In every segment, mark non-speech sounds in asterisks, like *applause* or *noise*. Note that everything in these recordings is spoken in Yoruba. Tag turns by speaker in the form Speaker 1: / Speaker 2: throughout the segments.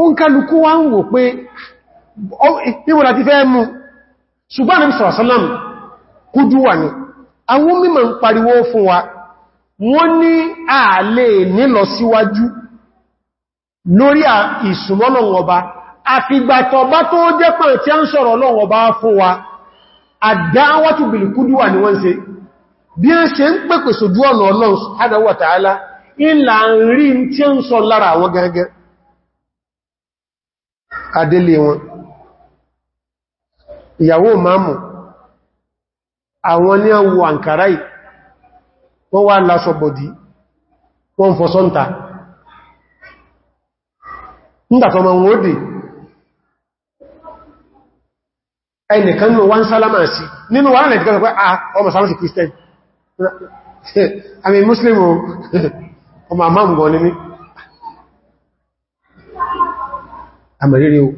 Speaker 1: ó ń kálukú wá ń wò pé níwọ̀n láti fẹ́ mú ṣùgbọ́n ní sọ̀rọ̀sọ́lọ́mù kújú wà ní àwọn mímọ̀ ń pariwo fún wa wọ́n ní ààlè nílọ síwájú lórí tó jẹ́ pẹ̀lú tí a ń sọ̀rọ̀ lọ́wọ́ba fún wa àdáwátù bìlì kújú ní wọ́n ṣe bí a ṣe ń a ń sọ adélé wọn ìyàwó máàmù àwọn ní àwọ àǹkàrá ì wọ́n wá lásọ bọ̀dí wọ́n fọ́sọ́ntà nítàtọ̀mọ̀ wọn ó dè ẹnìkan nínú wọ́n sálámà sí nínú wọ́n rẹ̀ jẹ́ pẹ́ ọmọ sálámà sí àmì *laughs* Muslim *laughs* ọmọ àmàmù gan ní mi àmàrírí o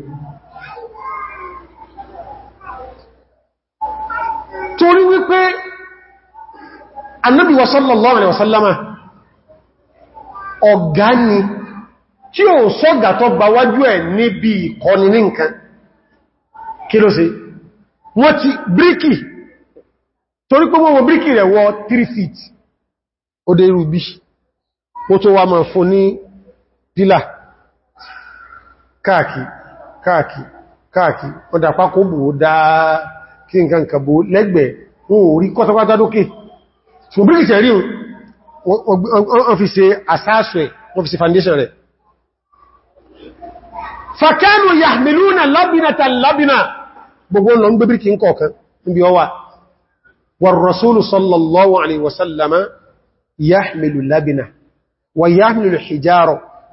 Speaker 1: torí wípé annabi wa sallallahu alaihi wasallama ọ̀gá ni tí ó sọ́gà tó bá wájú ẹ̀ níbi ìkọni ní nǹkan kí ló ṣe wọ́n ti bríkì torí pé wọ́n bríkì rẹ̀ wọ 3 feet ó dé irú bí ó tó wà máa fún ní dílà káàkì káàkì káàkì ọdá pákó bò dá kí n kan kàbò lẹ́gbẹ̀ẹ́ wọn ò rí kọ́tọ́kọ́tọ́ dókè ṣùgbọ́n bí ìṣẹ̀rí wọ́n fi ṣe àsáàsù ẹ̀ wọ́n fi ṣe foundation rẹ̀ fàkánù yàmìlúnà lábìnàtà lábìnà gbogbo lọ ń gbé bíríkì ń kọ̀ọ̀kan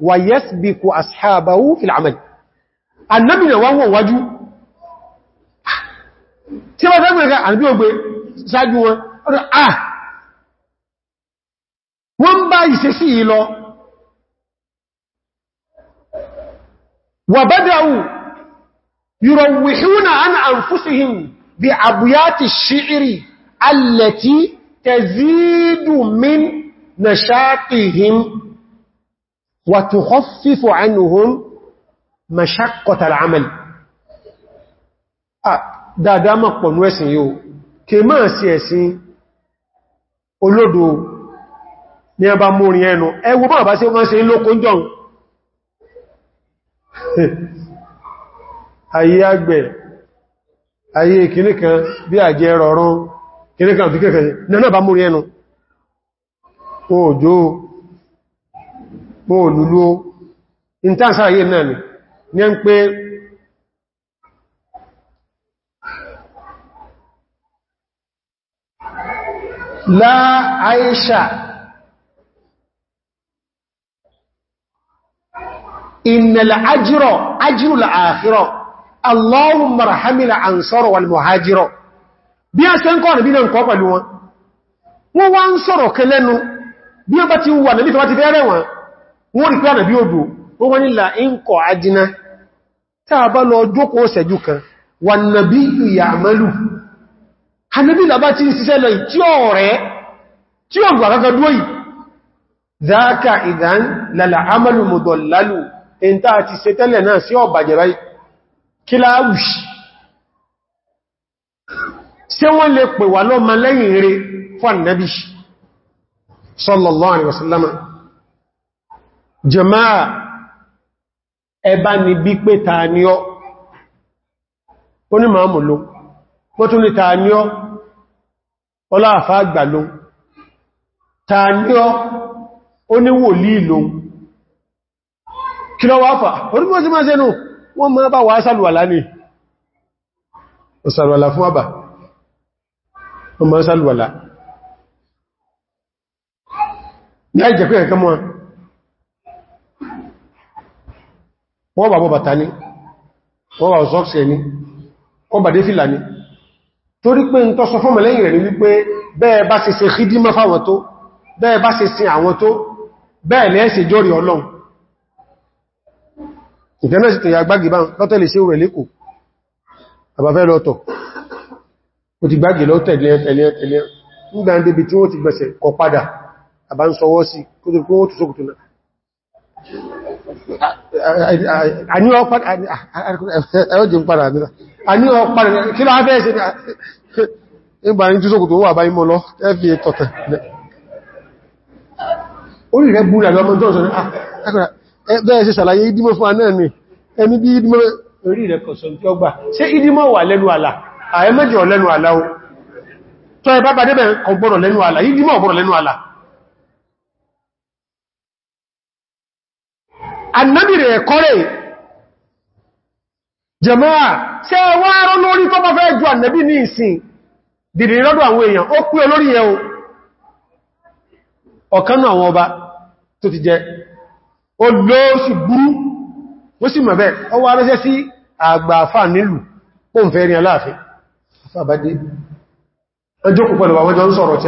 Speaker 1: ويسبق أصحابه في العمل النبي وهو وجو تيما دامي غا ان بيو غبي اه وان با يسسي لو وبداوا يروحون عن انفسهم بابيات الشعر التي تزيد من نشاطهم وتخفف عنهم مشقة العمل dáadáa máa pọ̀ ní ẹ̀sìn yóò kè máa sí ẹ̀sìn olódo ní ẹba múrin ẹnu ẹwọ bá bá sí wọ́n sí lókún jọun ayé àgbẹ̀ ayé kìníkan bí àjẹ́ rọrùn kìníkan fi kìníkan náà bá múrin ẹnu òjò wọn ò lúlú ó in tán sáàyè náà ni ní ń pé láàáṣà ìnàlá ajírọ̀ ajírùlá àfírọ̀ Allahumma rahamila ansọ́rọ̀ wal muhajirọ̀ bí a ṣe ń kọ́ ọ̀nàbí náà ń kọ́ pẹ̀lú wọn wọ́n wá ń sọ̀rọ̀ kẹlẹ́nu bí ó bá ti wà nàbí bá ti fẹ́rẹ̀ wọn wọ́n rí pé ànàbí odò ó wọ́n nílà ń kọ̀ ajiná táà bá lọ jókòó ṣẹ́jú kan wà nàbí ìyà àmàlù ànàbí làbá ti ṣiṣẹ́ lọ tí ó rẹ̀ tí ó gbàgbà ti sallallahu alaihi wasallam jama'a ẹba ni bí pé tàníọ́ ó ní máa mú ló wọ́n tún ní tàníọ́ ọláàfá àgbà ló tàníọ́ ó ní wòlí ló kí lọ wá fà orígbọ́n sí máa ṣe nù wọ́n máa bá wà sálùwàlá ní ọ̀sàlùwàlá fún àbà wọ́n máa sálùwàlá ní àìjẹ̀kú ẹ̀kẹ́ mọ́ wọ́n wà bọ́ bàtà ní wọ́n wà ọ̀sọ́ọ̀sì ẹni wọ́n bà dé fìlà ní torí pé ń tọ́sọ fún mẹ́lẹ́yìn rẹ̀ ní wípé bẹ́ẹ̀ bá ṣe ṣe hídímọ́ fáwọn tó bẹ́ẹ̀ bá ṣe sin àwọn tó bẹ́ẹ̀ lẹ́ẹ̀ṣẹ̀ jọ́rì ọlọ́run ìtẹ́nà sí tẹ̀yà gbági àní ọpàdà ẹ̀ọ́jì àní ọpàdà kí lọ abẹ́ ní ìbàrí tí sókò tó wà báyí mọ́ lọ ẹ́fì tọ̀tẹ̀ orí rẹ̀ búrẹ̀ àjọ ọmọdé ṣe sàlàyé ìdímọ̀ fún ni ẹni bí ìdímọ̀ orí rẹ̀ tí ó gbà ṣe ìdímọ̀ wà lẹ́nu àlà àlà ó tọ́ ẹ bá bá débẹ̀ kọ̀gbọ̀rọ̀ lẹ́nu àlà ìdímọ̀ ọ̀gbọ̀rọ̀ lẹ́nu àlà annabi re kore jamaa se wa ro lori to ba fe ju annabi ni isin diri rodo awon eyan o ku olori yen o okan na awon oba to ti je o lo si buru o si mo be o si agba afa nilu ko nfe rin alaafi afa bade ojo ku pelu ba wo jo nsoro ti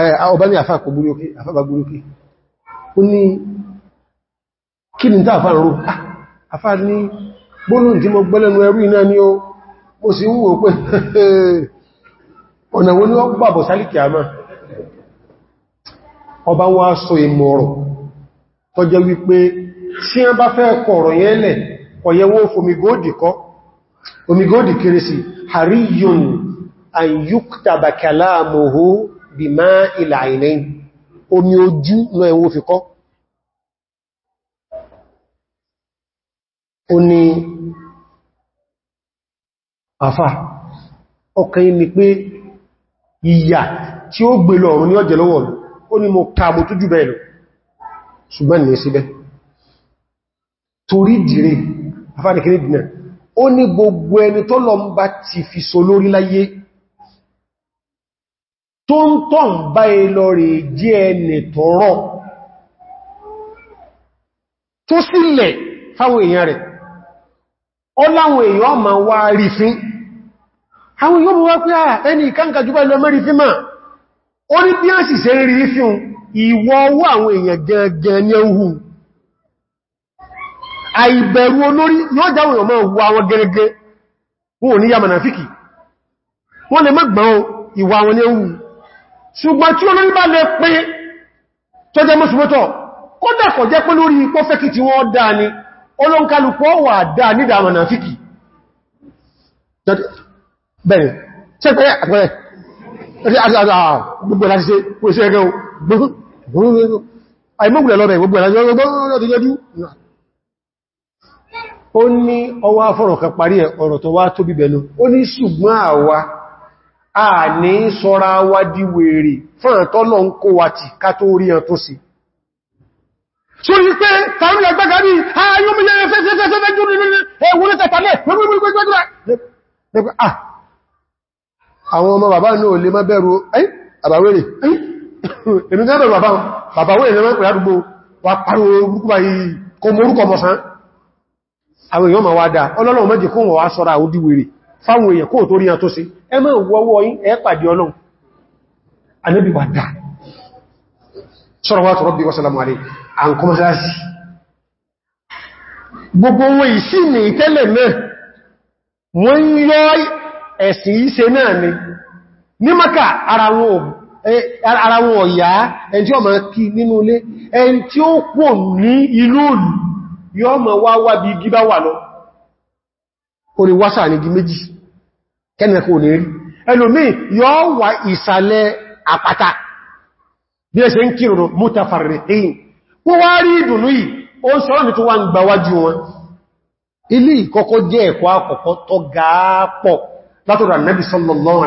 Speaker 1: Eh, ọba ní àfáàkò burúkí àfáàbà burúkí ó ní kí ah, ní tààfà rú àfáà ní gbónú tí mo gbọ́lẹ̀nu ẹrú iná ni o mo sì ń pé *laughs* ọ̀nà wo ni ó gbàbọ̀ sálìkì àmà ọba wá sọ ìmọ̀ ọ̀rọ̀ wípé bá fẹ́ kọ yẹn lẹ̀ ọ̀yẹ̀wó bí máa ilà àìnẹ́yìn omi ojú lọ ẹ̀wọ́ fi kọ́ ó ní àfà ọkàn ni pé ìyà tí ó gbé lọ ọ̀run ní ọjẹ́ lọ́wọ́ lọ ó ní mo ká mo tójú bẹ́ẹ̀ lọ ṣùgbọ́n ní síbẹ̀ torí dìre afánikiri dìnà ó ní gbogbo ẹni tó lọ ń bá ti fi so lórí láyé tó ń tọ́ ń bá ilọ̀ rẹ̀ jẹ́ ẹni tọ́rọ tó sílẹ̀ fáwọn èèyàn rẹ̀ ó láwọn èèyàn ma wá rí fín àwọn èèyàn wá pé ẹni ìkánká jùbá ilọ̀ mẹ́rin fín máa ó ní bí á sì ṣe rí fín ìwọ owó àwọn èèyàn gẹ̀ẹ́gẹ̀ẹ́ ní àìbẹ̀rù olórí yóò èèyàn máa wọ àwọn gẹ́gẹ́ ní ṣùgbọ́n tí olórí bá lè pín tó jẹ mọ́sùmọ́tọ̀ kó dàkọ̀ jẹ́ pé lórí ipò fẹ́kì tí wọ́n dáa ni wà dáa ní dáa ó ní a ní sọ́ra wá di wèrè fún àtọ́nà ń kó wà tí ká tó rí ẹ̀ tó sí sórí pé tàbí àgbàgbà ní ayọ́mìnlẹ̀ fẹ́fẹ́fẹ́fẹ́ jù nílẹ̀ ẹ̀wọ́n tẹ̀tàlẹ̀ àwọn ọmọ bàbá náà lè má bẹ̀rù àbàwẹ̀rẹ̀ èmi tẹ́ bẹ̀rù bàbá bàbáwẹ̀rẹ̀ lè má pẹ̀lú àdúgbò wà pariwo orúkú báyìí kò mọ orúkọ mọ̀sán àwọn èèyàn ma wá dáa ọlọ́lọ́wọ́ mẹ́jì kún wọ́n wá sọ́ra ó díwèrè fáwọn èèyàn kó tó rí àtó sí ẹ mọ́ wọ́wọ́ yí ẹ pàdé ọlọ́run anábì wà dáa sọ́rọ̀wátọ̀ rọ́bí wọ́sàlámù alẹ́ àǹkọmọ́sáàsì gbogbo wọn ìsí ní ìtẹ́lẹ̀ náà wọ́n yọ ẹ̀sìn ìṣe náà ni ní maka ara wọn ọ̀yá ẹn yọ́ mọ̀ wá wá bí gíbá wà lọ́wọ́ orí wásà ní di méjì kẹ́nìyàkó ò ní rí ẹlòmí yóò wà ìsàlẹ̀ àpáta bí ẹsẹ̀ ń kírùnù mutafarriqin wọ́n wá rí ìdùnú yìí ó ń sọ́rọ̀ tó wá ń gbáwájú wọn ilé ìkọ́kọ́ jẹ́ ẹ̀kọ́ àkọ́kọ́ tó gáápọ̀ látọ̀rọ̀ annabi sallallahu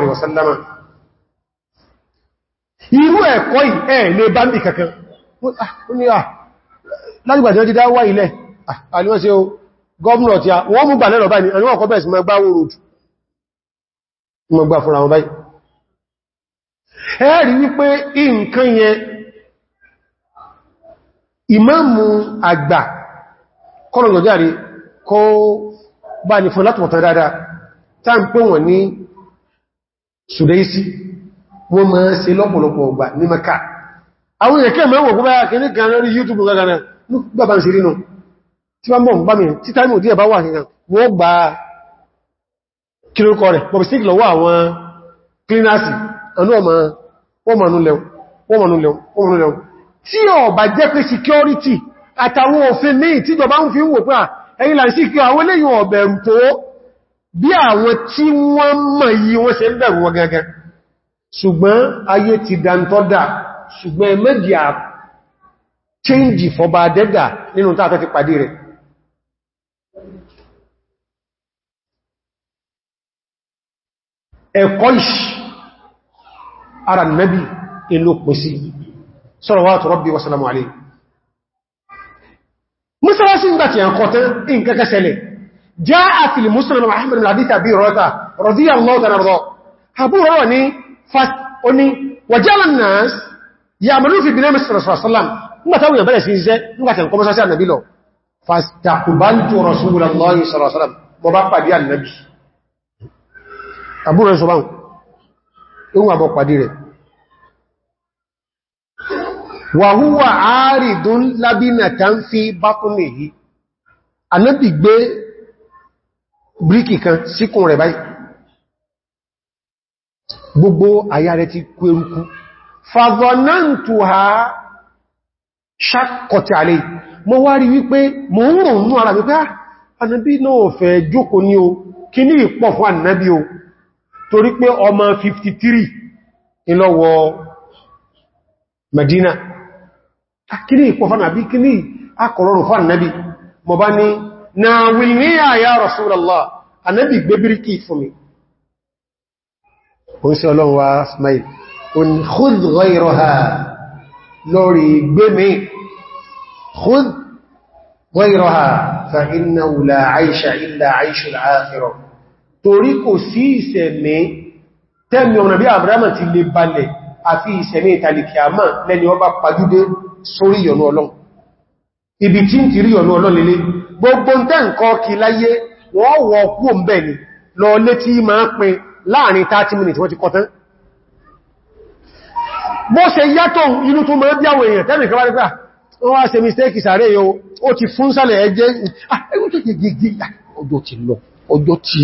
Speaker 1: gọọmenti a wọ́n mú gbà lẹ́rọ báyìí ẹni wọ́n kọ́ bẹ̀ẹ̀ sí ma gbá wòrò jù ma gbà fúnra wọn báyìí ẹ̀rí wípé nǹkan yẹn ìmáàmù àgbà kọ́lọ̀lọ́járe kó bá ní fún látọ̀tọ̀ dáadáa tá ń pè wọ́n ní Sudaisi wọ́n máa lọ́pọ̀lọpọ̀ ọgbà ní tí wọ́n bọ̀ ń bá mi tí táìmù díẹ̀ bá wà nìkan wọ́n gba kílórúkọ rẹ̀ bọ̀bí sí ìlọ́wọ́ àwọn klínásì anú ọmọ wọ́n mọ̀ núlẹ̀un tí ó bá jẹ́ pé security àtàwọn òfin ní ìtíjọba ń fi ń wò pé ẹ̀yìn láì sí kí àwọn eléyìn ọ̀bẹ̀rù tó bí àwọn tí wọ́n mọ̀ yí wọ́n ṣe ń bẹ̀rù wọn gẹ́gẹ́ ṣùgbọ́n ayé ti dantọ́dà ṣùgbọ́n ẹmẹ́dìá change fọba dẹ́dà nínú tààtà ti pàdé rẹ̀ ẹ̀kọ́ ìṣì ara nẹ́bí inú pín sí salawatu rabbi wa salamu alayhi mọ́sálásí ń gbàtí ẹ̀kọ́ tán in kẹ́kẹ́ sẹlẹ̀ já àtìlì mùsùlùmí Muhammad al-Adita bí rọ́ta radiyallahu ta'ala rọ́ Abu Hurairah ní fast oní wajala an-nas ya'malu fi binami sallallahu alaihi wasallam nígbàtàwò yàn bẹ̀rẹ̀ sí iṣẹ́ nígbàtà nǹkan mọ́sálásí ànàbí lọ fastaqbaltu mo bá pàdé ànàbí àbúrò rẹ̀ sọ báhùn ohun àbọ̀ pàdé rẹ̀ wàhúwà àárìdún lábínà ta ń fi bákúnlẹ̀ yìí anábì gbé bríkì kan síkùn rẹ̀ báyìí gbogbo àyà rẹ̀ ti kú eruku fàzọ̀náǹtù ha ṣàkọ̀tì àlè mo wá rí wípé mo ń rò nú ara wípé anábì ah, náà fẹ́ jókòó ní o kí ní ìpọ̀ fún anábì o torí pé ọmọ 53 ìlọ́wọ́ Medina kíní ìpọ̀fánà bí kíní akọ̀rọ̀rùn fún annabi mọ̀ bá ní na wilniya ya Rasulallah annabi gbébíríkì fún mi ó ń sí ọlọ́run wa smile ó ní khudh ghayraha lórí gbémi khudh ghayraha fa innahu la aisha illa aishul akhirah torí kò sí ìṣẹ̀mí tẹ́mi ọ̀nà bí àbúrámà ti lè balẹ̀ àti ìṣẹ̀mí ìtàlìkìàmà lẹ́ni ọba pàdúdé sórí ìyọ̀nú ọlọ́n ibi tí ń ti rí ìyọ̀nú ọlọ́n lélé gbogbo ń tẹ́ǹkọ́ kí láyé wọ́n wọ kú òmbẹ̀ ni lọ lé tí máa pin láàrin 30 minutes wọ́n ti kọtán bó ṣe yàtọ̀ inú tó máa bí àwọn èèyàn tẹ́mì kọwàá nípa ah, wọ́n wá ṣe mistake sàárè yóò ó ti fún sálẹ̀ ẹjẹ́ ah, ah, ọjọ́ ti lọ ọjọ́ ti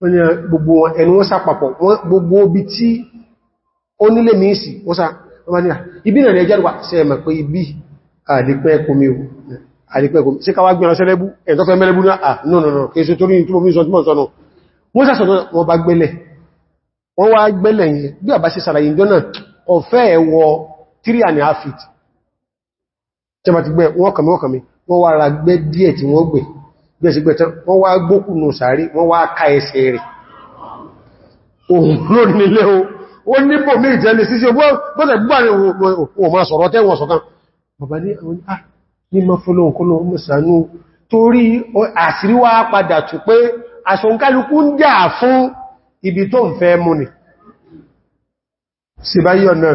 Speaker 1: wọ́n ni gbogbo ẹnu wọ́n sápapọ̀ gbogbo obi tí ó nílé mìísì ó sá ọmọ nílá ibi nà ní ẹjẹ́ wà sí ẹ̀mà pé ibi àdìpẹ́ komi o àdìpẹ́ komi no no no kéèsù torí tí mo fi sọ tí mọ́ sọ́nà wọ́n sá sọ́nà wọ́n bá gbẹ́lẹ̀ wọ́n wá gbẹ́lẹ̀ yẹn bí àbá sí sàlàyé ìjọ náà ọ̀fẹ́ ẹ̀wọ̀ three and gbẹ̀sìgbẹ̀tẹ̀ wọ́n wá gbókùnù sàárì wọ́n wá ká ẹsẹ̀ rẹ̀ ohun lórí nílé o ó níbò mí ìtẹ́lẹ̀ sí sí ọgbọ́sẹ̀ gbáàrin ohun ma sọ̀rọ̀ tẹ́wọ̀n sọ̀kan bàbá ní àwọn ní ah, ma fọ́lọ̀ òkúnlọ mọ́sànú torí àṣírí wá padà tù pé aṣọ́nkálukú ń jà fún ibi tó ń fẹ́ múni sí báyọ̀ náà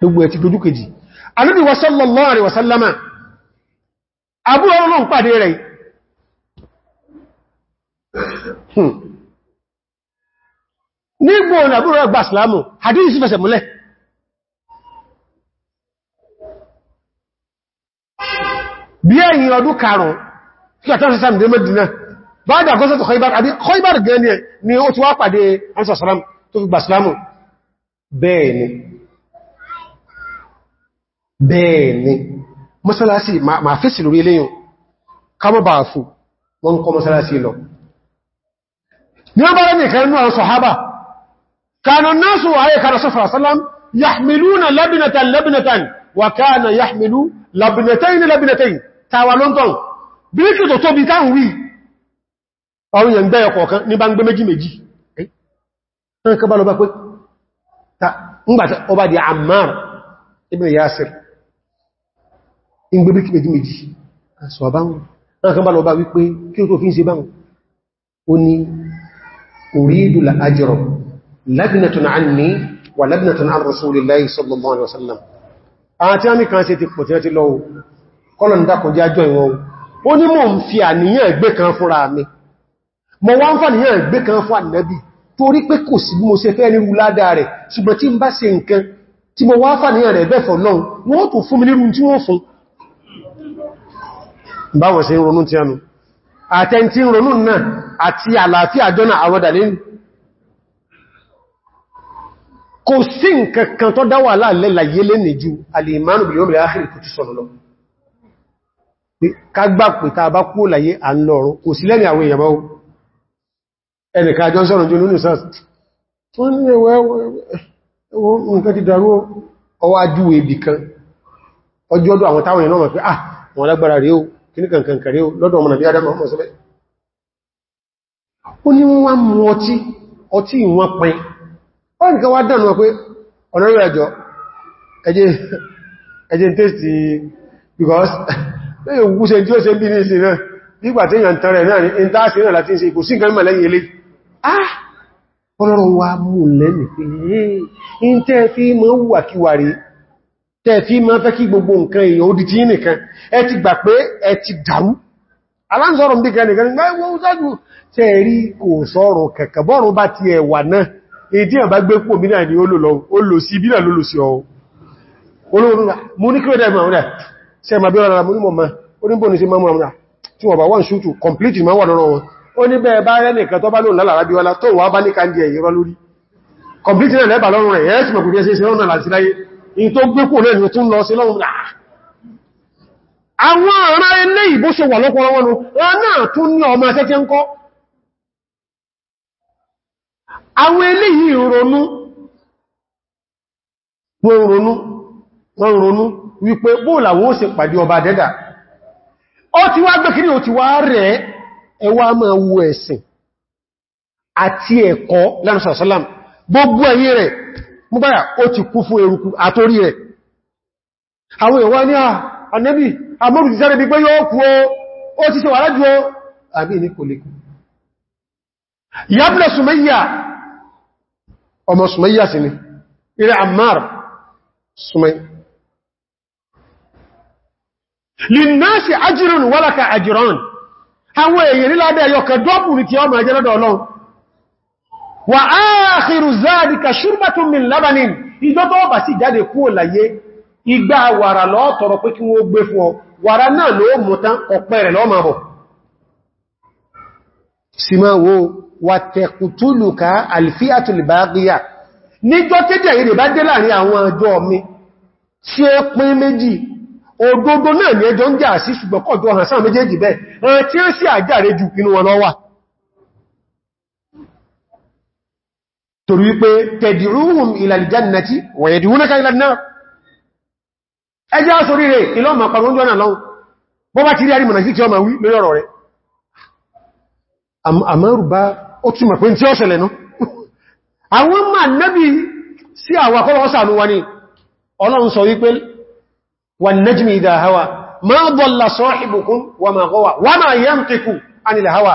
Speaker 1: gbogbo ẹ̀tì dojú kejì Ànábì wa sallallahu alaihi wa sallama Abu Hurairah ń pàdé rẹ̀ nígbò hmm. ní Abu Hurairah gba Ìsìlámù hadith sí fẹsẹ̀ múlẹ̀ bí ẹ̀yìn ọdún karùn-ún kí àtàrí sàmì dé Mẹ́dínà bá dàgọ́sẹ̀ tó Khaybar bẹ́ẹ̀ ni mọ́sálásí ma fèsì lórí eléyìn kama bá fún wọn kọ mọ́sálásí lọ ní ọ bá rẹ̀ nìkan inú àwọn sọ̀hábà kanon nasu ayé kada sọ́fà sálám yahmiluna labinatan labinatan wa kana yahmilu labinatayn labinatayn tawa london bí kí tó tóbi táwọn wí àwọn yẹn gbẹ́yọ kọ̀ọ̀kan ní bá ń ibn Yasir ń gbé bíkí méjì méjì àṣọ àbáhùn náà kan bá lọ bá wípé kí o tó fi ń ṣe báhùn ó ní uridu la ajra labnatun anni wà labnatun an rasulillahi sallallahu alaihi wasallam àti àmì kan ṣe ti pọ̀ tí wọ́n ti lọ́wọ́ kọ́lọ̀n dákọjá jọ ìwọ̀n ó ní mò ń fi àníyàn ẹgbẹ́ kan fúnra mi mo wá fà ní rúládà rẹ̀ fọ̀ náà wọ́n tó fún mi nírú tí wọ́n fún báwọn ṣe ń ronú tí ẹnu àtẹntí ronú náà àti àlàáfíà jọ́nà àwọ́dàlé kò sí nǹkankan tó dáwà láàlẹ́ láyé lẹ́nì ju alìmánù bil yawmil akhir kò ti sọ̀rọ̀ lọ kagbà pè ta bá kú láyé à ń lọ́rọ̀ kò sí lẹ́nì àwọn èèyàn báwó ẹnìká jọ ọwọ́ ajú ebì kan ọjọ́ ọdún àwọn táwọn èèyàn náà pé ah wọ́n lágbára rí ó kìníkan kankare lọ́dọ̀ ọmọ nàbí adama ọmọ sọ́bẹ̀ ó ní wọ́n mú ọtí ọtí ìwọ̀n wá pé ẹjọ́ ẹjẹ́ tẹ́sì because *laughs* tí tẹ́ fi ma fẹ́ kí gbogbo nǹkan èèyàn ó di tí nìkan ẹ ti gbà pé ẹ ti dàrú aláǹsọ́rọ̀ ń bí kan nìkan nígbà ìwọ̀n òsájú tẹ́ rí kò sọ́rọ̀ kẹ̀kẹ̀ bọ́rùn bá ti ẹ̀wà náà èdí àbá gbé pò mínà ni ó lò sí bí náà ló lò sí ọ mo ní kí ó dẹ̀ mọ̀ sí ẹmà bí ọ̀rọ̀ mo ní mọ̀ mọ̀ ó ní bóòní sí mọ́ mọ̀ tí wọ́n bá wọ́n ṣútù complete ma wà lọ́rọ̀ wọn ó ní bẹ́ẹ̀ bá rẹ́ nìkan tó bá lò lálàrá bí wọ́n tó wà bá ní kàndì ẹ̀yẹ rọ́ lórí complete náà lẹ́bà lọ́rùn rẹ̀ yẹ́ sì mọ̀ kò in tó gbé kò lẹ́nu tún lọ sí lọ́wọ́n náà ah! àwọn ará ilé ìbó ṣe wà lọ́pọ̀lọ́ wọn náà tún ní ọmọ akẹ́kẹ́ ń kọ́ àwọn ilé yìí ronú wọ́n ronú ronú wípé bóòlà wọ́n pàdé ọba dẹ́dà ó ti wá gbé kiri ó ti wá rẹ̀ ẹwà máa wo ẹ̀sìn àti ẹ̀kọ́ lẹ́nu múgbàyà ó ti kú fún eruku àtórí rẹ̀ àwọn ìwọ́n ní ànẹ́bì àmọ́rù ìsẹ́rẹ̀ bí pé yóò kú ó ti ṣe wà rájú ó àbí ní kò lè kú Sumayya ọmọ Sumayya sí ni ilẹ̀ Ammar Sumayya linnasi ajirun walaka ajiran wà áàkìrù záàdìkà ṣúrbàtún min labanin ìjọ tó bà sí jáde kú òlàyé igbá wàrà lọ tọrọ pé kí wọ́n gbé fún ọ wàrà náà ló mú tán ọ̀pẹ́ rẹ̀ lọ́mà bọ̀ símáwó wà mi tí ó pín méjì òdodo náà ní ẹjọ́ ń jà sí ṣùgbọ́kọ̀jọ́ hàn sáà méjèèjì bẹ́ẹ̀ ẹn tí ó sì àjáre jù inú wọn lọ́wà torí wípé tẹ̀dìrúhùn ìlàlìjánnàtí wọ̀yẹ̀dìwúnáka ìlànà ẹjá sórí rẹ̀ ìlọ́mà pàrọ̀njọ́ náà lọ́wọ́ bọ́ bá ti rí àrímọ̀nà sí tí ọmọ wí lórí ọ̀rọ̀ rẹ̀ àmárùbá ó túnmà pé tí ó ṣẹlẹ̀ náà àwọn mà nẹ́bí sí àwà kọ́lọ́sàánú wa ni ọlọ́run sọ wípé wà nẹ́jìmì ìdá hawa ma dalla sahibukum wa ma gawa wa ma yantiku anil hawa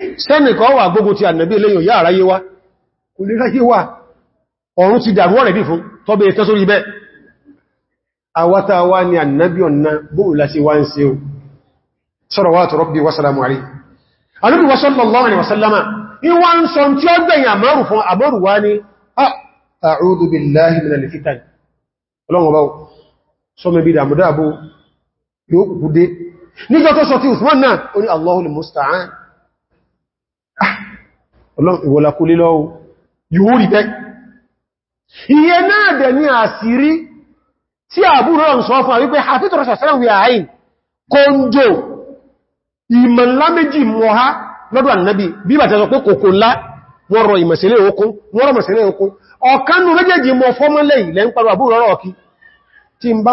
Speaker 1: sẹ́nìkan wà gbogbo ti ànàbí eléyìn yà ráyé wá kò lè ráyé wá ọ̀run ti dàrú ọ̀rẹ̀ bí fún tọ́bẹ̀ ẹ̀tẹ́ sórí bẹ́ àwátá wá ní ànàbí ọ̀nà bóò láti wá ń se salawatu rabbi wa salamu alayhi Ànábì sallallahu alaihi wa sallama a'udhu billahi minal fitan nígbà tó sọ tí Usman náà Ah, ìwọ̀lákúlé lọ́wọ́ yóò rí bẹ́ iye náà ni asiri tí àbúrò ń sọ fún wípé àfítorọ̀ sàṣẹ́rẹ̀wì àáyìn kóńjò ìmọ̀lá méjì mọ́há lọ́dọ̀ ànàbí bí bàtẹ́ sọ pé kòkó lá wọ́rọ̀ ìmọ̀sẹ̀lẹ̀ okun wọ́rọ̀ mọ̀sẹ̀lẹ̀ okun ọ̀kanú méjèèjì mọ̀ fọ́mọ́lẹ̀ ilẹ̀ ń parọ àbúrò tí ń bá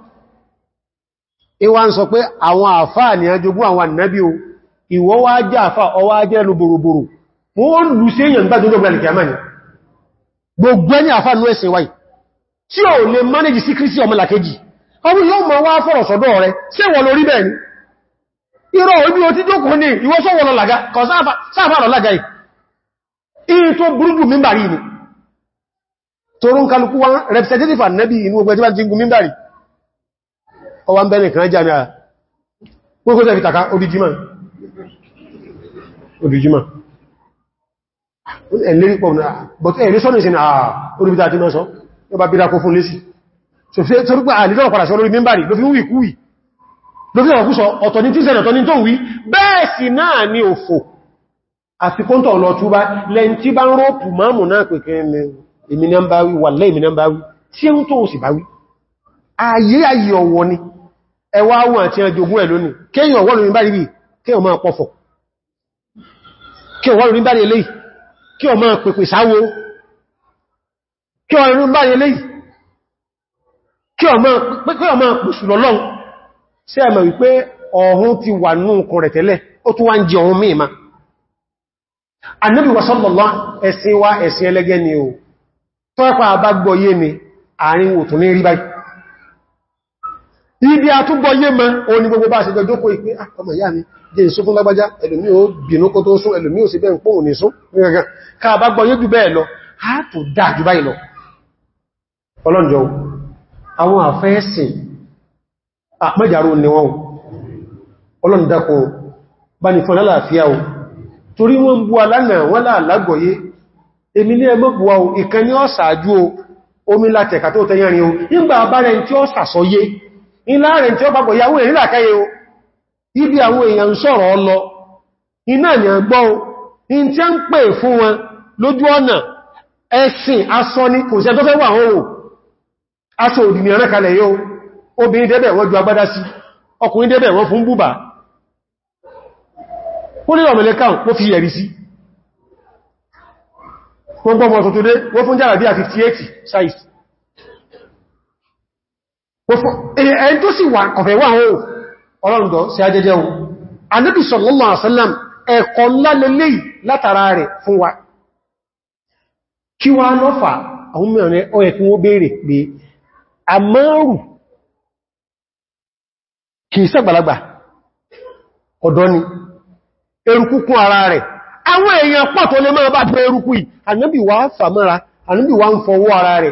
Speaker 1: ìwà ń sọ pé àwọn àfáà ní ajogún àwọn ànábí o ìwọ wá jẹ́ àfáà ọwá jẹ́ ẹnu bòròbòrò wọ́n lù sí èyàn gbá jọjọ́ gbẹ̀lẹ̀ kìíyàmá ni gbogbo ẹni àfáà ní ẹsẹ̀ wáyìí tí ó lè mánéjì sí kírísì ọmọlàkejì ọmọ yóò mọ̀ wá fọ́rọ̀ sọ́dọ̀ ni irọ́ o ti jókòó ti ọwá ń bẹ́ẹ̀ nìkan jà ní àà wọ́n kó odìjímà odìjímà but ẹ̀rí sọ́nà ìsìn àà olùbítà àti mọ́sán ló bá bídá kó fún lésì so fi tó rúgbà àlìdọ́rọ̀ padà sí olórí mímbàrí ló fi wí kúwì ló fi ọ̀kú sọ ọ̀tọ̀ tí sẹ́nà tọ́ tó wí bẹ́ẹ̀ náà ni òfò àti kóntọ̀ lọ túbá lẹ́yìn tí bá ń rọ́pù máàmù náà pẹ̀kẹ́ èmi ní ń bá wí ayé ayé ọwọ́ ni ẹwà àwọn àti ẹjogún ẹ̀ lónìí kéyàn wọ́n lórí bá rí bí kéyàn máa pọ̀fọ̀ kéyàn wọ́n lórí bá rí eléyìí kéyàn máa pèpè sáwó kéyàn lórí bá rí eléyìí kéyàn máa pèsù lọ́lọ́un sí ẹ̀mọ̀ wípé ọ̀hún ti wà ní okùn rẹ̀ tẹ́lẹ̀ ó tún wá ń jẹ ọ̀hún mìí ma annabi ibi àtúgbọ́ yé mẹ́ oní gbogbo bá ṣe jọjọ́ kó ìpín àkọmọ̀ ah, ìyá mi jẹ́ ìsún fún lágbájá ẹlòmí ò bínú kó tó sún ẹlòmí ò sí bẹ́ẹ̀ pòhùn ní sún gẹ́gẹ́ káàbá gbọ́ yé jù bẹ́ẹ̀ lọ á tó dá jù báyìí lọ ọlọ́njọ́ ni wọ́n ọlọ́ndakọ̀ bá ní fún lálàáfíà o torí wọ́n bu alánà wọ́n láàlágbọ̀yé èmi ní ẹgbẹ́ buwa o ìkan ní ọ̀sàájú o omi látẹ̀kà tó tẹ́yẹrin o ìlàrin tí ó papọ̀ ìyàwó èrí làkáyé o ibi àwọn èèyàn ń sọ̀rọ̀ ọlọ iná ni a gbọ́ o in tí a ń pè fún wọn lójú ọ̀nà ẹ̀sìn aṣọ ni kò sẹ́ tó fẹ́ wà oòrò aṣọ òdì ni ẹ̀rẹ́ kalẹ̀ yóò obìnrin débẹ̀ wọ́n ju agbádá sí ọkùnrin débẹ̀ wọ́n fún búbà ó lè ọ̀mẹ̀lẹ́ 58 size ẹni tó sì wà kọ̀fẹ́ wà ó ọlọ́rùndọ̀ sí ajẹ́jẹ́ o Ànábì sallallahu alaihi ẹ̀kọ́ lálẹ́lẹ́ látara rẹ̀ fún wa kí wá lọ́fà àwọn mẹ́rin ọ̀ẹ̀kún ó béèrè pé a ara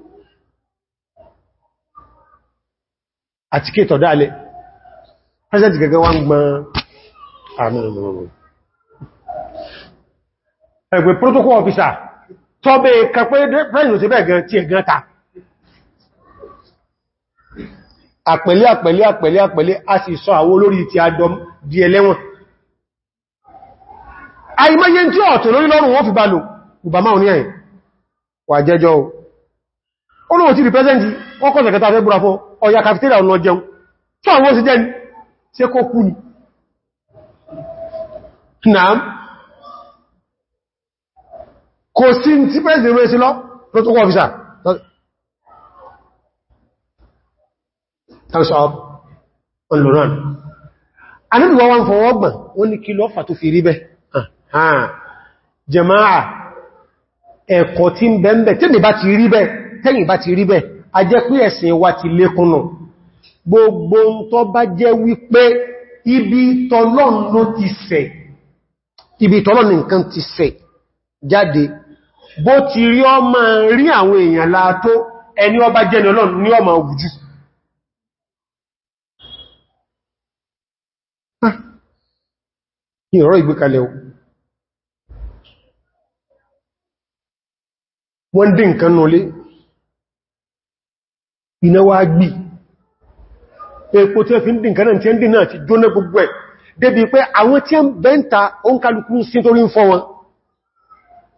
Speaker 1: àti kí ìtọ̀dá alẹ́ president gẹ́gẹ́ wọ́n gbọ́n àmì ìrìnlọ́rọ̀ ẹgbẹ̀ protocol officer tọ́bẹ̀ kàpẹ́ president sí bẹ́ẹ̀ gan tí ẹ̀ gan ta àpẹ̀lẹ́ àpẹ̀lẹ́ àpẹ̀lẹ́ àpẹ̀lẹ́ a sì sọ àwọ olórí ti adọm di ẹlẹ́wọ̀n àìmọ́yẹ tí ọ̀tọ̀ lórí lọ́rùn wọ́n fi bá lò ìbàmá òní ẹ̀yìn wà jẹjọ́ olóòtí represent wọ́n kọ́ ọ̀yà kàfitẹ́rà ọ̀nà jẹun tí àwọn sì jẹ́ tí kó kú ni náà kò sí tí pẹ́sìdì rẹ̀ sí lọ protocol officer times up on loran anúbìwọ́ wọn fọwọ́ gbọ̀n wọ́n ní kí lọ́fà tó fi rí bẹ́ jẹmáà ẹ̀kọ́ tí ń bẹ̀m̀bẹ̀ tẹ́yìn bá ti rí bẹ́ a jẹ́ pé ẹ̀sìn wa ti lékúnnù gbogbo tó bá jẹ́ wípé ibi tọ́lọ́nù ti sẹ̀ ibi tọ́lọ́nù nǹkan ti sẹ̀ jáde bó ti rí ọmọ rí àwọn èèyàn láàtó ẹni ọba jẹ́ ní ọmọ òwújú ah, wọ́n dín nǹkan nulé iná wá epo tí ó fi ń dín kanáà tí ó ń dín náà ti jóná gbogbo ẹ̀ débi pé àwọn tí ó ń bẹ́ǹta ó ń kálukú sí torí ń fọ́ wọn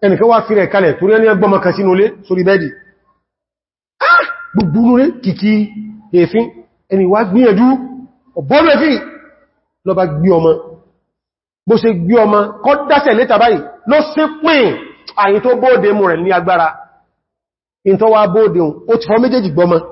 Speaker 1: ẹnìkan wá fi rẹ̀ kalẹ̀ torí ẹni ẹgbọ́n maka sínú lé sórí bẹ́ẹ̀dì ah! gbogbo rẹ̀ kìkì èéfín ẹni wá gbìyànjú ọ̀bọ́rẹ̀ fi lọ bá gbí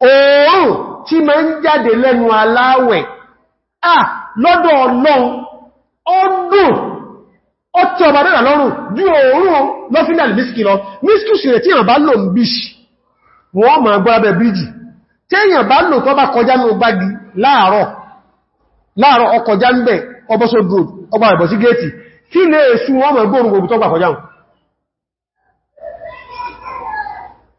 Speaker 1: òórùn tí ma ń jáde lẹ́nu aláwẹ̀ à lọ́dọ̀ ọlọ́run ó dùn ó tí ọba dára lọ́rùn bí òórùn miski lọ miski sì rẹ̀ tí èyàn bá lò ń bí ṣì wọ́n ma bíjì tí bá lò tó bá kọjá ní ọgbági láàárọ̀ ọkọjá ń bẹ̀ ọbọ́sọ́dún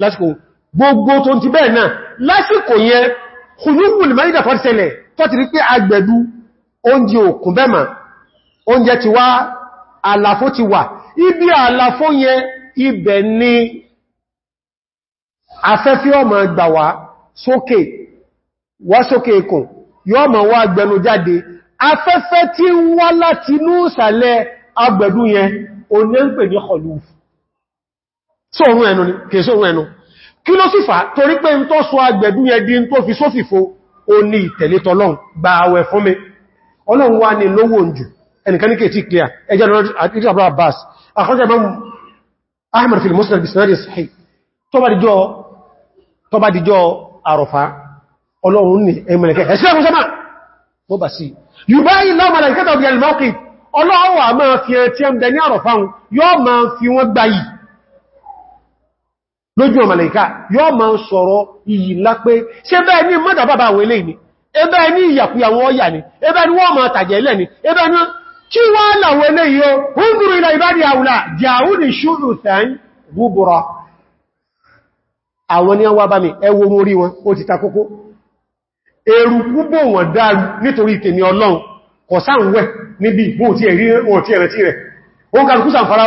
Speaker 1: lásìkò gbogbo tó ti bẹ́ẹ̀ náà lásìkò yẹ kùnúwùn mẹ́rìndà tó ṣẹlẹ̀ tó ti rí pé agbẹ̀dú oúnjẹ òkun bẹ́mà oúnjẹ ti wá àlàfo ti wà ibi àlàfo yẹ ibẹ̀ ni afẹ́fẹ́ ọmọ gbà wá sókè wá sókè ikùn yóò mọ̀ wá gbẹnu jáde afẹ́fẹ́ tí wá láti inú ìsàlẹ̀ agbẹ̀dú yẹn oní ń pè ní khuluf sóòrùn ẹnu ni kìí sóòrùn ẹnu kí ló sì fà torí pé ń tó sọ agbẹ̀dún ẹdí tó fi sófìfo o ní ìtẹ̀lé tọ́lọ́un gba àwẹ̀ fún mi ọlọ́run wá ní lówó oúnjù ẹnìkan ní kètí clear ẹjẹ́ ìjọba Abbas akọ́jẹ́ bá Ahmad fil Musnad bisnadi sahih tó bá dìjọ́ àrọ̀fà ọlọ́run ní ẹmẹ̀lẹ̀kẹ́ ẹ̀sílẹ̀ fún sọ́mà bó bà sí yùbá ìlọ́ mọ̀lẹ̀kẹ́ta bí lójú ọmọlẹ̀ká yóò máa ń sọ̀rọ̀ iyì ńlá pé ṣe bẹ́ẹ̀ ní mọ́dà àwọn ilé ni ẹbẹ́ ní ìyàkúyàwó ọ̀yà ni ẹbẹ́ ni wọ́n máa tàjẹ̀ ilẹ̀ ni ẹbẹ́ ni kí wọ́n láwọn ilé yóò húnbùrù ilẹ̀ ìbádì àwùlà jàúnì ṣúrù tàn gúbùrọ̀ àwọn ni wá bá mi ẹwọ orí wọn ó ti takókó èrù púpọ̀ wọn dáru nítorí ń kàrùkú sàǹfàrà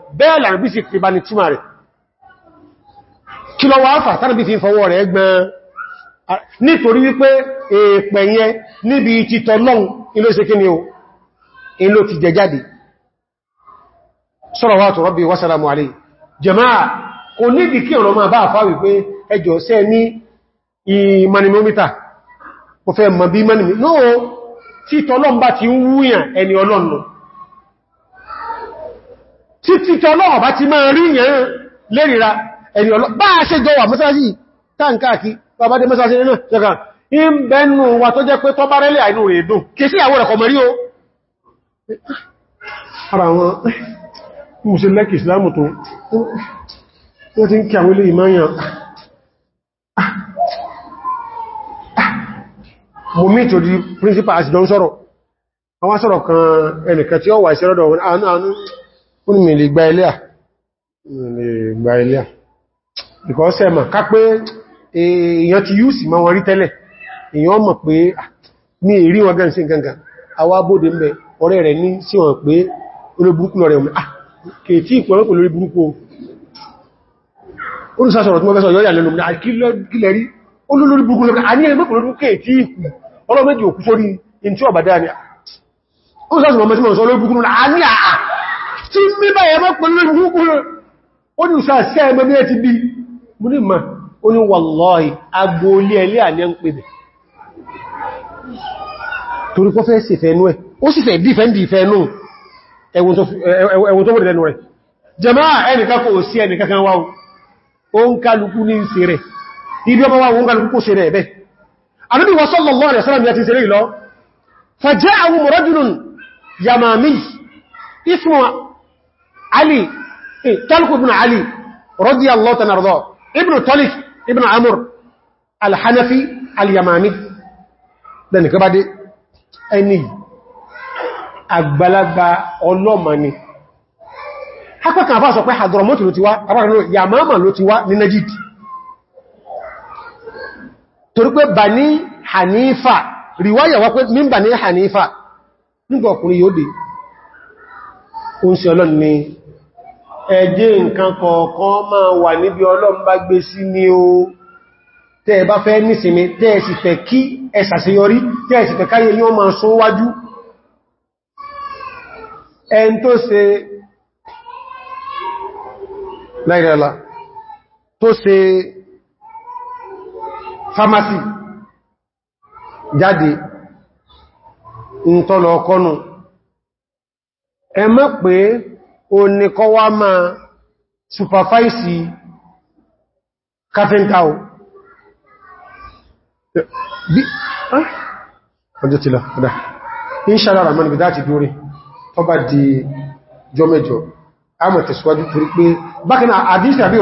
Speaker 1: bẹ́ẹ̀ làrùbí sì fi bá ní túnmà rẹ̀ kí lọ wáfà tánàbí fi fọwọ́ rẹ̀ gbẹ̀n nítorí wípé èèpẹ̀ níbi títọ lọ́un ilé ṣe kí ni o ilé ti jẹ jáde salawatu rabbi wa salamu alayhi jàmáà kò níbi kí ọ̀rọ̀ máa bá àfá wípé ẹjọ́ sẹ́ ní ìmanimomita kò fẹ́ mọ̀ bí manimi náà títọ lọ́n bá ti ń wúyàn ẹni ọlọ́nà títí tọ́lọ́ ọ̀bá ti máa rí yẹn lérìra ẹni ọlọ́ bá a ṣe jọ wà mọ́sáàsì táǹkàkì bàbá dé mọ́sáàsì nínú ṣẹ́kà in bẹnu wa tó jẹ́ pé tọ́bá rẹ́lẹ̀ àìnú rẹ̀ dùn kì sí àwọ̀ rẹ̀kọ̀ mẹ́rí o ara wọn mùsùlẹ́kì islamu tó wọ́n ti ń kí àwọn ilé ìmáyàn mo mí tó di principal àti jọ ń sọ̀rọ̀ àwọn sọ̀rọ̀ kan ẹnìkan tí ó wà ìṣẹ́rọ̀dọ̀ ó ní mi lè gba ilé à lè gba ilé à because ẹ̀mà ká pé e, èèyàn ti yúùsì ma wọn rí tẹ́lẹ̀ èèyàn mọ̀ pé ní èrí wọn gan sí gangan awá bóde ń bẹ ọ̀rẹ́ rẹ̀ ní sí wọn pé olóburúkú lọ rẹ̀ wọn kèètí ìpọ̀lọ́pọ̀ lórí burúkú olùsásọ̀rọ̀ tí wọ́n fẹ́ sọ yọ́ ìyàlẹ́nu kílẹ̀ rí olólórí burúkú lọ́kà a ní ẹ̀mọ́kùn lórí kèètí ìkù ọlọ́mẹ́jì òkú sórí in mọ̀ sọ a ní àà tí mí báyẹ̀ mọ́ pẹ̀lú ìrúkúrú ó ní ìṣà sẹ́ ẹmọ bí ẹ ti bí mú ní ma ó ní wàlláhì agbóolé ẹlẹ́ àní ń pèbẹ̀ torí kọ́ fẹ́ sì fẹ́nú ẹ̀ ó sì fẹ́ dìfẹ́ndì fẹ́nú ẹwùn tó wọ́n lẹ́nu rẹ̀ jẹmáà ẹnìkan kò sí ẹnìkan kan wá ó ń kálukú ní ismu علي طلق بن علي رضي الله تعالى ابن طلق ابن عمرو الحنفي اليماني dẹni kọba dé ẹni àgbàlagbà ọlọ́mà hanifa hanifa ẹjẹ́ nǹkan kọ̀ọ̀kan máa wà níbi Ọlọ́run bá gbé sí ní o tẹ́ ẹ bá fẹ́ nísinmi tẹ́ ẹ sì fẹ́ kí ẹ ṣàṣeyọrí tẹ́ ẹ fẹ́ káyé ní máa sún wájú ẹn tó ṣe láìrẹ́lá tó ṣe fámásì jáde ń tọ́lọ ọkọ́nù ẹ mọ́ pé o ní kọ́ wá máa superfaisi o ah, ọjọ́ tí lọ ọ̀dá di jọmẹjọ a mọ̀ tẹ̀síwájú torí pé bákaná àdíṣẹ́ àbí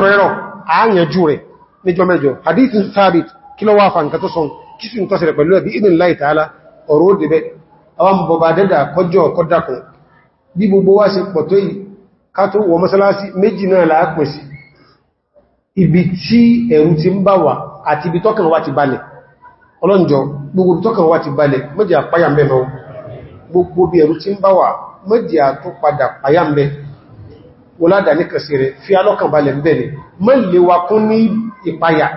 Speaker 1: àáyànjú rẹ̀ ní jọmẹjọ kí lọ wá fa nǹkan tó sọ kí sí pẹ̀lú ẹ̀bí ìdìn láì tààlá ọ̀rọ̀ àwọn kọjọ́ ká tó wọ mọ́sálásí méjì náà láàpẹ̀ sí ibi tí ẹ̀rù ti ń bá wà àti ibi tọ́kàn wá ti balẹ̀ ọlọ́njọ́ gbogbo tọ́kàn wá ti balẹ̀ méjì àpáyà mẹ́mọ́ gbogbo bí ẹ̀rù ti ń bá wà méjì àtúpadà fi alọ́kàn balẹ̀ ń bẹ̀rẹ̀ mẹ́lẹ̀ wa kún ní ìpáyà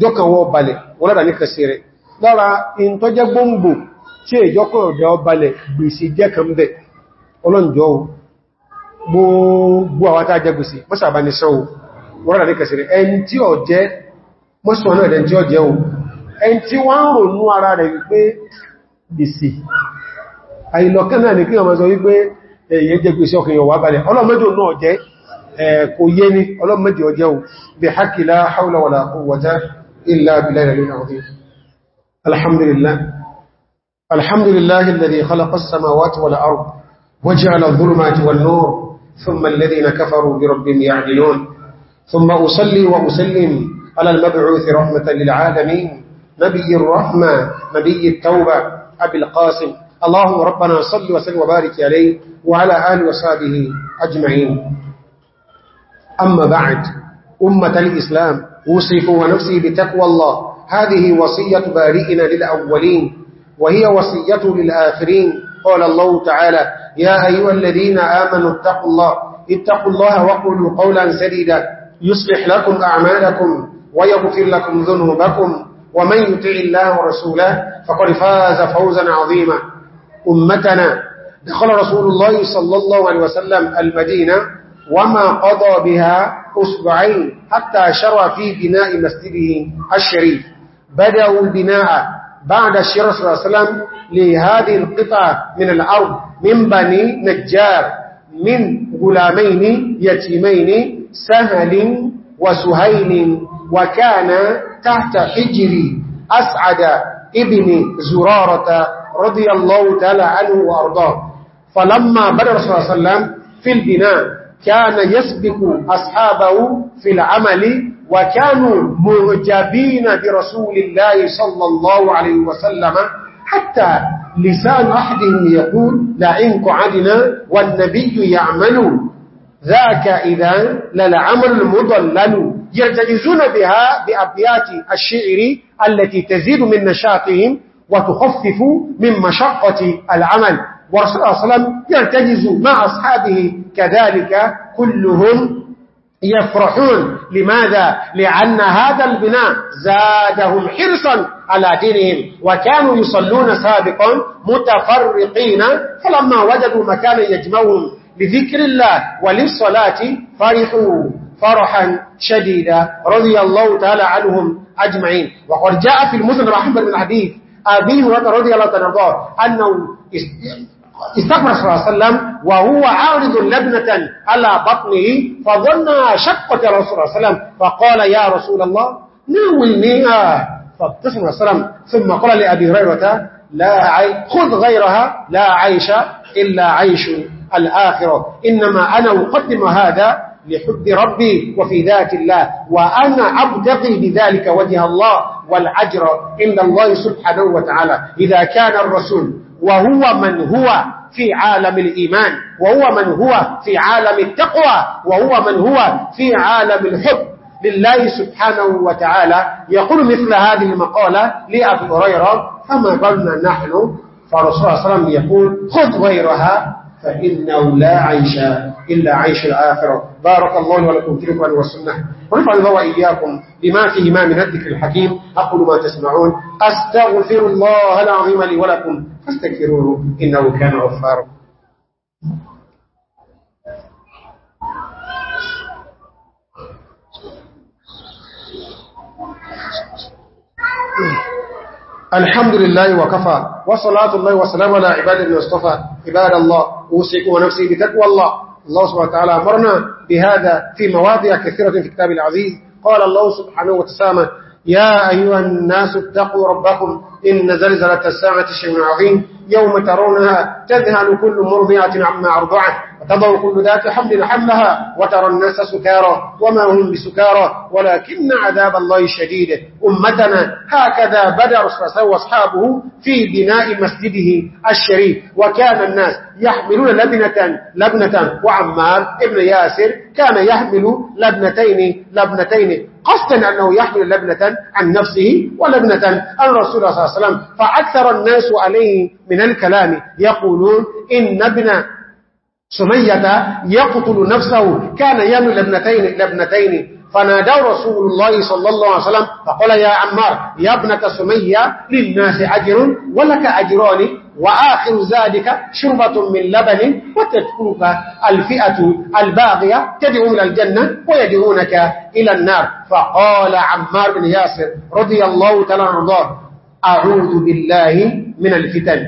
Speaker 1: jọ́kàn wọ́ balẹ̀ wọládà ní kẹsì rẹ̀ lára in tọ́jẹ́ gbóngbò tí èjọ́kàn balẹ̀ gbèsè jẹ́ kan bẹ̀ ọlọ́njọ́ gbogbo àwọn tàà jẹ gbèsè mọ́sà bá ní sọ́wọ́ wọ́n rà ní kẹsìrì ẹni tí ọ jẹ́ mọ́sùn náà ẹni tí ọ jẹ́ o ẹni tí wọ́n ń rònú ara rẹ̀ wípé gbèsè àìlọ́kẹ́ náà ní kí ọmọ sọ wípé èyẹ jẹ gbèsè ọkìyàn wà balẹ̀ ọlọ́mọdé náà jẹ́ kò yé ní ọlọ́mọdé ọjẹ́ o bí haqqi la hawla wala quwwata illa billahi alhamdulillah alhamdulillahi ثم الذين كفروا بربهم يعدلون ثم أصلي وأسلم على المبعوث رحمة للعالمين نبي الرحمة نبي التوبة أبي القاسم اللهم ربنا صل وسلم وبارك عليه وعلى آل وصحبه أجمعين أما بعد أمة الإسلام أوصف ونفسي بتقوى الله هذه وصية بارئنا للأولين وهي وصية للآخرين قال الله تعالى يا أيها الذين آمنوا اتقوا الله اتقوا الله وقولوا قولا سديدا يصلح لكم أعمالكم ويغفر لكم ذنوبكم ومن يطع الله ورسوله فقد فاز فوزا عظيما أمتنا دخل رسول الله صلى الله عليه وسلم المدينة وما قضى بها أسبوعين حتى شرع في بناء مسجده الشريف بدأوا البناء بعد الشرع صلى الله عليه وسلم لهذه القطعة من الأرض من بني نجار من غلامين يتيمين سهل وسهيل وكان تحت حجري أسعد ابن زرارة رضي الله تعالى عنه وأرضاه فلما بدأ رسول الله صلى الله عليه وسلم في البناء كان يسبق أصحابه في العمل وكانوا مهجبين برسول الله صلى الله عليه وسلم حتى لسان أحدهم يقول لعنك عدنا والنبي يعمل ذاك إذا للعمل المضلل يرتجزون بها بأبيات الشعر التي تزيد من نشاطهم وتخفف من مشقة العمل ورسول الله يرتجز مع أصحابه كذلك كلهم يفرحون لماذا؟ لأن هذا البناء زادهم حرصا على دينهم وكانوا يصلون سابقا متفرقين فلما وجدوا مكانا يجمعهم بذكر الله وللصلاة فرحوا فرحا شديدا رضي الله تعالى عنهم أجمعين وقد جاء في المسلم رحمه من حديث أبيه رضي الله تعالى أنه استغفر صلى الله عليه وسلم وهو عارض لبنة على بطنه فظن شقة رسول الله صلى الله عليه وسلم فقال يا رسول الله ناولنيها آه. فابتسم صلى ثم قال لأبي هريرة لا عي... خذ غيرها لا عيش إلا عيش الآخرة إنما أنا أقدم هذا لحب ربي وفي ذات الله وأنا أبتقي بذلك وجه الله والعجر إلا الله سبحانه وتعالى إذا كان الرسول وهو من هو في عالم الإيمان وهو من هو في عالم التقوى وهو من هو في عالم الحب لله سبحانه وتعالى يقول مثل هذه المقالة لأبي هريرة فما قلنا نحن فرسول الله صلى الله عليه وسلم يقول خذ غيرها فإنه لا عيش إلا عيش الآخرة بارك الله ولكم تلك القرآن والسنة ونفع الله وإياكم بما فيهما من الذكر الحكيم أقول ما تسمعون أستغفر الله العظيم لي ولكم فاستكفروا إنه كان غفارا الحمد لله وكفى وصلاة الله وسلام على عباد الله اصطفى عباد الله أوسيكم ونفسي بتقوى الله الله سبحانه وتعالى أمرنا بهذا في مواضع كثيرة في كتاب العزيز قال الله سبحانه وتسامى يا أيها الناس اتقوا ربكم إن زلزلة الساعة شيء عظيم يوم ترونها تذهل كل مرضعة عما أرضعت وتضع كل ذات حمل حملها وترى الناس سكارى وما هم بسكارى ولكن عذاب الله شديد أمتنا هكذا بدأ رسل وأصحابه في بناء مسجده الشريف وكان الناس يحملون لبنة لبنة وعمار ابن ياسر كان يحمل لبنتين لبنتين قصدا أنه يحمل لبنة عن نفسه ولبنة عن رسول صلى الله عليه عليه فأكثر الناس عليه من الكلام يقولون إن ابن سمية يقتل نفسه كان يمل ابنتين لابنتين ابنتين فنادوا رسول الله صلى الله عليه وسلم فقال يا عمار يا ابنة سمية للناس أجر ولك أجران وآخر ذلك شربة من لبن وتتكوك الفئة الباغية تدعو إلى الجنة ويدعونك إلى النار فقال عمار بن ياسر رضي الله تعالى عنه أعوذ بالله من الفتن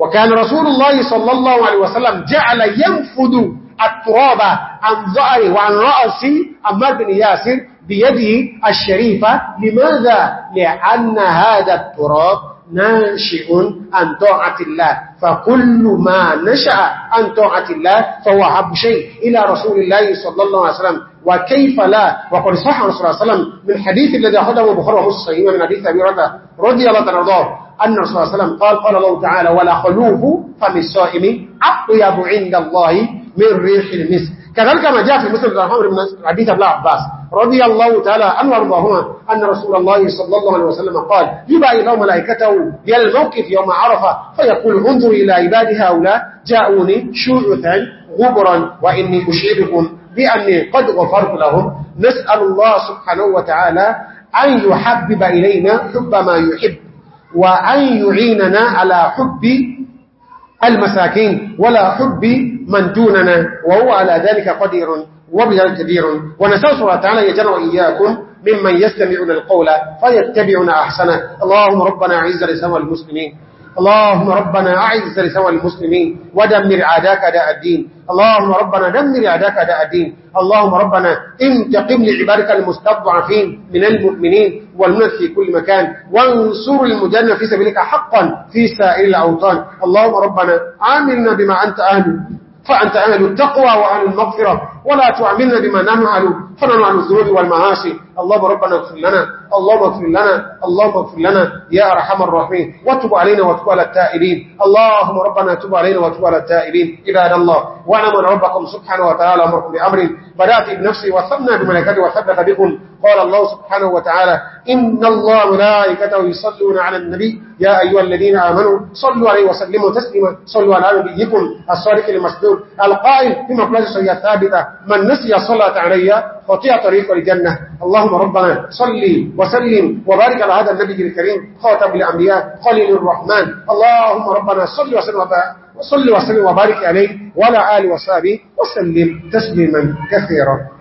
Speaker 1: وكان رسول الله صلى الله عليه وسلم جعل ينفد التراب عن ظهر وعن رأس عمار بن ياسر بيده الشريفة لماذا؟ لأن هذا التراب ناشئ عن طاعة الله فكل ما نشأ عن طاعة الله فهو حب شيء إلى رسول الله صلى الله عليه وسلم وكيف لا وقد صح عن صلى الله عليه وسلم من حديث الذي أخذه البخاري الصحيح من حديث أبي رضا رضي الله عنه رضاه أن صلى الله عليه وسلم قال قال الله تعالى ولا خلوه فمن الصائم أطيب عند الله من ريح المسك كذلك ما جاء في مسلم الرحمن من حديث ابن عباس رضي الله تعالى أن وارضاهما أن رسول الله صلى الله عليه وسلم قال يبع الله ملائكته إلى يوم عرفة فيقول انظر إلى عباد هؤلاء جاءوني شعثا غبرا وإني أشعركم بأني قد غفرت لهم نسأل الله سبحانه وتعالى أن يحبب إلينا حب ما يحب وأن يعيننا على حب المساكين ولا حب من دوننا وهو على ذلك قدير وبذلك كبير ونسأل الله تعالى يجر وإياكم ممن يستمعون القول فيتبعنا أحسنه اللهم ربنا عز لسوى المسلمين اللهم ربنا أعز لسوى المسلمين ودمر عداك داء الدين اللهم ربنا دمر عداك داء الدين اللهم ربنا انتقم لعبادك المستضعفين من المؤمنين والمنف في كل مكان وانصر المجنة في سبيلك حقا في سائر الأوطان اللهم ربنا عاملنا بما أنت أهل فأنت أهل التقوى وأهل المغفرة ولا تعملنا بما نفعل فنفعل الذنوب والمعاصي الله ربنا اغفر لنا الله اغفر لنا الله اغفر لنا يا ارحم الراحمين وتب علينا وتب على التائبين اللهم ربنا تب علينا وتب على التائبين عباد الله واعلموا ربكم سبحانه وتعالى امركم بامر بدات بنفسي وثبنا بملائكته وثبت بكم قال الله سبحانه وتعالى ان الله ملائكته يصلون على النبي يا ايها الذين امنوا صلوا عليه وسلموا تسليما صلوا على نبيكم الصادق المسدود القائل في سيئه ثابته من نسي صلاة علي خطيع طريق الجنة اللهم ربنا صلي وسلم وبارك على هذا النبي الكريم خاتم الأنبياء خليل الرحمن اللهم ربنا صلي وسلم وصلي وسلم وبارك عليه وعلى آله وصحبه وسلم تسليما كثيرا